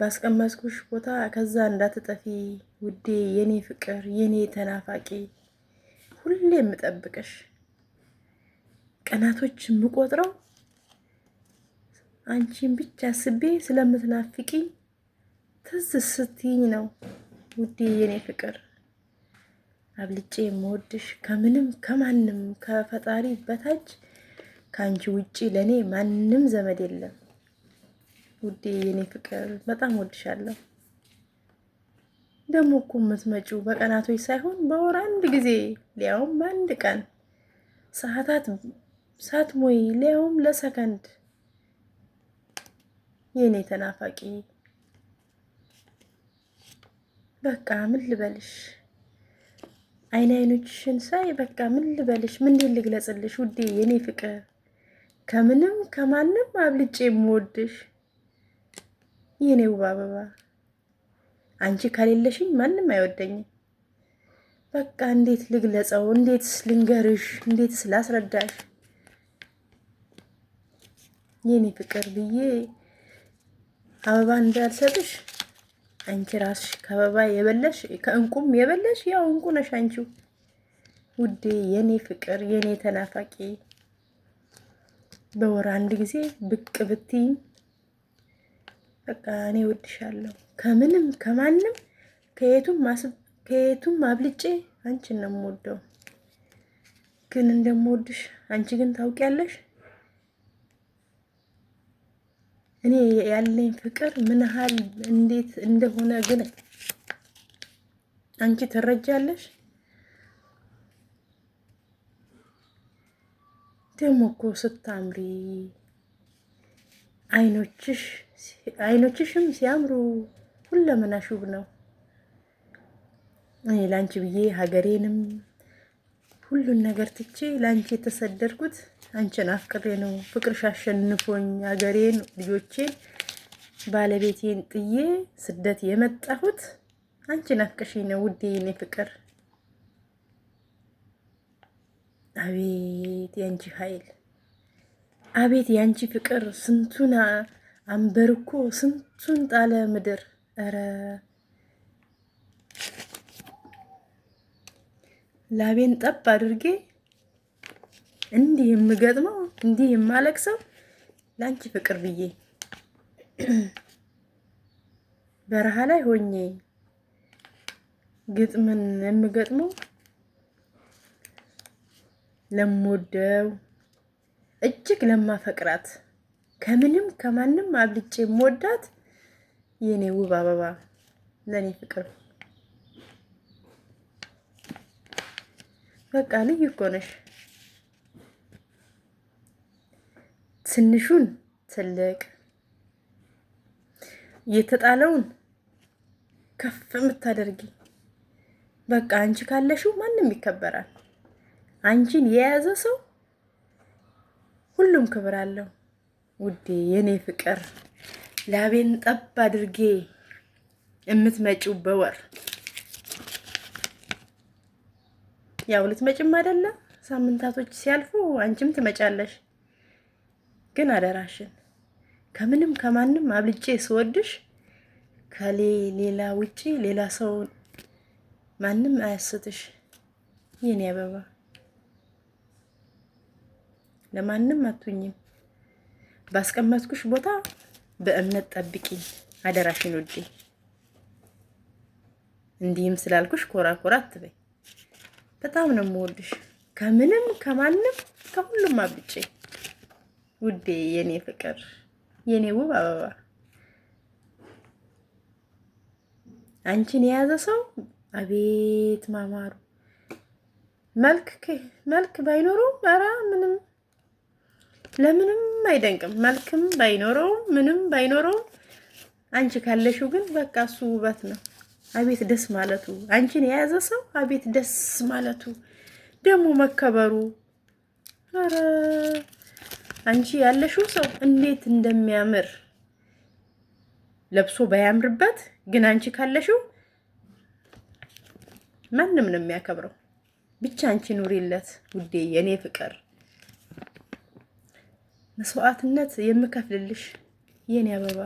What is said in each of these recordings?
ባስቀመጥኩሽ ቦታ ከዛ እንዳትጠፊ ውዴ፣ የኔ ፍቅር፣ የኔ ተናፋቂ፣ ሁሌ የምጠብቅሽ ቀናቶች የምቆጥረው አንቺን ብቻ አስቤ ስለምትናፍቂኝ ትዝ ስትይኝ ነው ውዴ፣ የኔ ፍቅር፣ አብልጬ የምወድሽ ከምንም ከማንም ከፈጣሪ በታች ከአንቺ ውጪ ለእኔ ማንም ዘመድ የለም። ውዴ የኔ ፍቅር በጣም ወድሻለሁ። ደግሞ እኮ የምትመጪው በቀናቶች ሳይሆን በወር አንድ ጊዜ ሊያውም በአንድ ቀን ሰዓታት ሞይ ሊያውም ለሰከንድ የኔ ተናፋቂ በቃ ምን ልበልሽ፣ አይን አይኖችሽን ሳይ በቃ ምን ልበልሽ፣ ምን ልግለጽልሽ ውዴ የኔ ፍቅር ከምንም ከማንም አብልጬ የምወድሽ የኔ ውብ አበባ አንቺ ከሌለሽኝ ማንም አይወደኝም። በቃ እንዴት ልግለጸው? እንዴት ልንገርሽ? እንዴት ስላስረዳሽ የኔ ፍቅር ብዬ አበባ እንዳልሰጥሽ አንቺ ራስሽ ከአበባ የበለሽ ከእንቁም የበለሽ ያው እንቁ ነሽ አንቺው ውዴ፣ የኔ ፍቅር፣ የኔ ተናፋቂ በወር አንድ ጊዜ ብቅ ብትይኝ በቃ እኔ ወድሻለሁ ከምንም ከማንም ከየቱም ከየቱም አብልጬ አንቺን ነው የምወደው። ግን እንደምወድሽ አንቺ ግን ታውቂያለሽ። እኔ ያለኝ ፍቅር ምን ያህል እንዴት እንደሆነ ግን አንቺ ትረጃለሽ። ደግሞ እኮ ስታምሪ አይኖችሽ አይኖችሽም ሲያምሩ ሁለመናሽ ውብ ነው። እኔ ላንቺ ብዬ ሀገሬንም ሁሉን ነገር ትቼ ላንቺ የተሰደድኩት አንቺን አፍቅሬ ነው። ፍቅርሽ አሸንፎኝ ሀገሬን፣ ልጆቼን፣ ባለቤቴን ጥዬ ስደት የመጣሁት አንቺን አፍቅሽ ነው ውዴ፣ የኔ ፍቅር። አቤት ያንቺ ኃይል፣ አቤት ያንቺ ፍቅር ስንቱና አንበር እኮ ስንቱን ጣለ ምድር። ኧረ ላቤን ጠብ አድርጌ እንዲህ የምገጥመው እንዲህ የማለቅሰው ላንቺ ፍቅር ብዬ በረሃ ላይ ሆኜ ግጥምን የምገጥመው ለምወደው እጅግ ለማፈቅራት ከምንም ከማንም አብልጬ የምወዳት የኔ ውብ አበባ ለኔ ፍቅር በቃ ልዩ እኮ ነሽ። ትንሹን ትልቅ የተጣለውን ከፍ የምታደርጊ በቃ አንቺ ካለሽው ማንም ይከበራል። አንቺን የያዘ ሰው ሁሉም ክብር አለው። ውዴ የኔ ፍቅር ላቤን ጠብ አድርጌ የምትመጪው በወር ያው ልትመጭም አይደለም ሳምንታቶች ሲያልፉ አንቺም ትመጫለሽ። ግን አደራሽን ከምንም ከማንም አብልጬ ስወድሽ ከሌ ሌላ ውጪ ሌላ ሰው ማንም አያስትሽ የኔ አበባ፣ ለማንም አትሁኝም። ባስቀመጥኩሽ ቦታ በእምነት ጠብቂ አደራሽን ውዴ። እንዲህም ስላልኩሽ ኮራ ኮራ አትበይ። በጣም ነው የምወድሽ ከምንም ከማንም ከሁሉም አብጬ ውዴ፣ የኔ ፍቅር፣ የኔ ውብ አበባ። አንቺን የያዘ ሰው አቤት ማማሩ መልክ መልክ ባይኖሩ ኧረ ምንም ለምንም አይደንቅም። መልክም ባይኖረውም ምንም ባይኖረውም አንቺ ካለሽው ግን በቃ እሱ ውበት ነው። አቤት ደስ ማለቱ አንቺን የያዘ ሰው አቤት ደስ ማለቱ ደግሞ መከበሩ። ኧረ አንቺ ያለሽው ሰው እንዴት እንደሚያምር ለብሶ ባያምርበት ግን አንቺ ካለሽው ማንም ነው የሚያከብረው። ብቻ አንቺ ኑሪለት ውዴ የኔ ፍቅር። መስዋዕትነት የምከፍልልሽ የኔ አበባ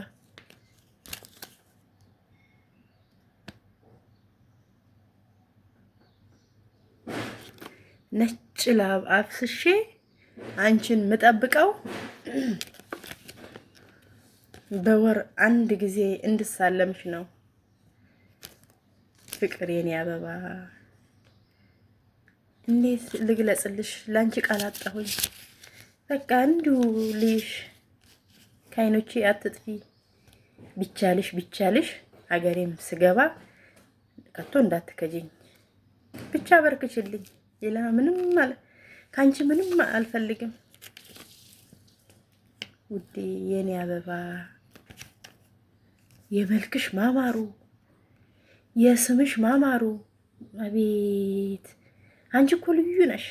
ነጭ ላብ አፍስሼ አንቺን ምጠብቀው በወር አንድ ጊዜ እንድሳለምሽ ነው። ፍቅር የኔ አበባ እንዴት ልግለጽልሽ? ለአንቺ ቃል አጣሁኝ። በቃ እንዲሁ ልይሽ ከአይኖቼ አትጥፊ ቢቻልሽ ቢቻልሽ ሀገሬም ስገባ ከቶ እንዳትከጅኝ ብቻ በርክችልኝ። ሌላ ምንም ከአንቺ ምንም አልፈልግም ውዴ፣ የኔ አበባ የመልክሽ ማማሩ የስምሽ ማማሩ አቤት አንቺ እኮ ልዩ ነሽ።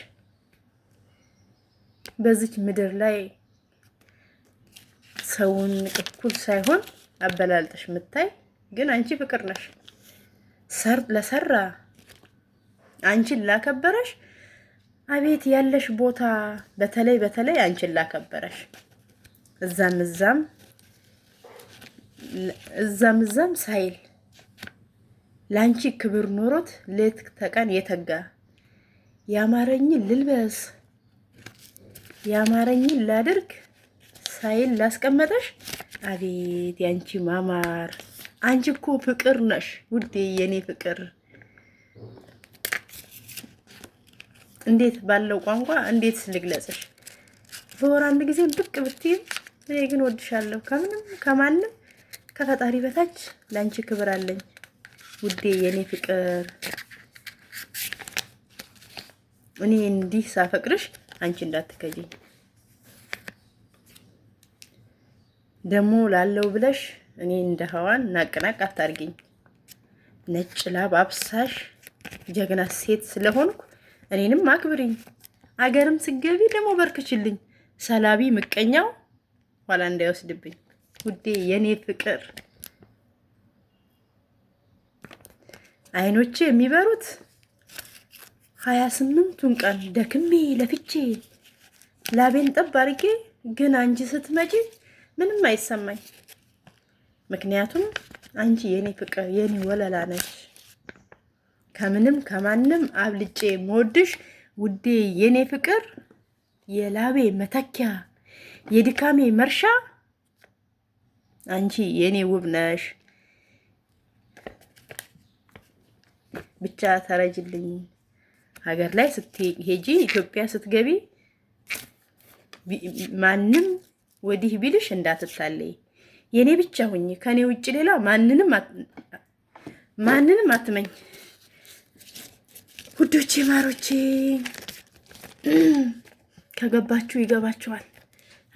በዚች ምድር ላይ ሰውን እኩል ሳይሆን አበላልጠሽ የምታይ ግን አንቺ ፍቅር ነሽ። ለሰራ አንቺን ላከበረሽ አቤት ያለሽ ቦታ በተለይ በተለይ አንቺን ላከበረሽ እዛም እዛም እዛም እዛም ሳይል ለአንቺ ክብር ኖሮት ሌት ተቀን የተጋ ያማረኝን ልልበስ ያማረኝን ላድርግ ሳይል ላስቀመጠሽ። አቤት ያንቺ ማማር! አንቺ እኮ ፍቅር ነሽ ውዴ፣ የኔ ፍቅር። እንዴት ባለው ቋንቋ እንዴት ልግለጽሽ? በወር አንድ ጊዜ ብቅ ብትይም እኔ ግን ወድሻለሁ። ከምንም ከማንም ከፈጣሪ በታች ለአንቺ ክብር አለኝ ውዴ፣ የኔ ፍቅር። እኔ እንዲህ ሳፈቅርሽ አንቺ እንዳትከጂኝ ደግሞ ላለው ብለሽ እኔ እንደ ሀዋን ናቅናቅ አታርጊኝ። ነጭ ላብ አብሳሽ ጀግና ሴት ስለሆንኩ እኔንም አክብሪኝ። አገርም ስገቢ ደግሞ በርክችልኝ። ሰላቢ ምቀኛው ኋላ እንዳይወስድብኝ። ውዴ የኔ ፍቅር አይኖቼ የሚበሩት ሀያ ስምንቱን ቀን ደክሜ ለፍቼ ላቤን ጠብ አድርጌ ግን አንቺ ስትመጪ ምንም አይሰማኝ። ምክንያቱም አንቺ የኔ ፍቅር የኔ ወለላ ነች። ከምንም ከማንም አብልጬ መወድሽ ውዴ፣ የኔ ፍቅር፣ የላቤ መተኪያ፣ የድካሜ መርሻ አንቺ የኔ ውብ ነሽ። ብቻ ተረጅልኝ። ሀገር ላይ ስትሄጂ ኢትዮጵያ ስትገቢ ማንም ወዲህ ቢልሽ እንዳትታለይ። የኔ ብቻ ሁኚ፣ ከኔ ውጭ ሌላ ማንንም ማንንም አትመኝ። ውዶቼ ማሮቼ ከገባችሁ ይገባችኋል።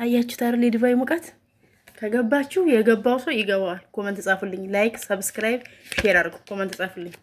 አያችሁ ታርል የዱባይ ሙቀት ከገባችሁ የገባው ሰው ይገባዋል። ኮመንት ጻፉልኝ፣ ላይክ፣ ሰብስክራይብ፣ ሼር አድርጉ። ኮመንት ጻፉልኝ።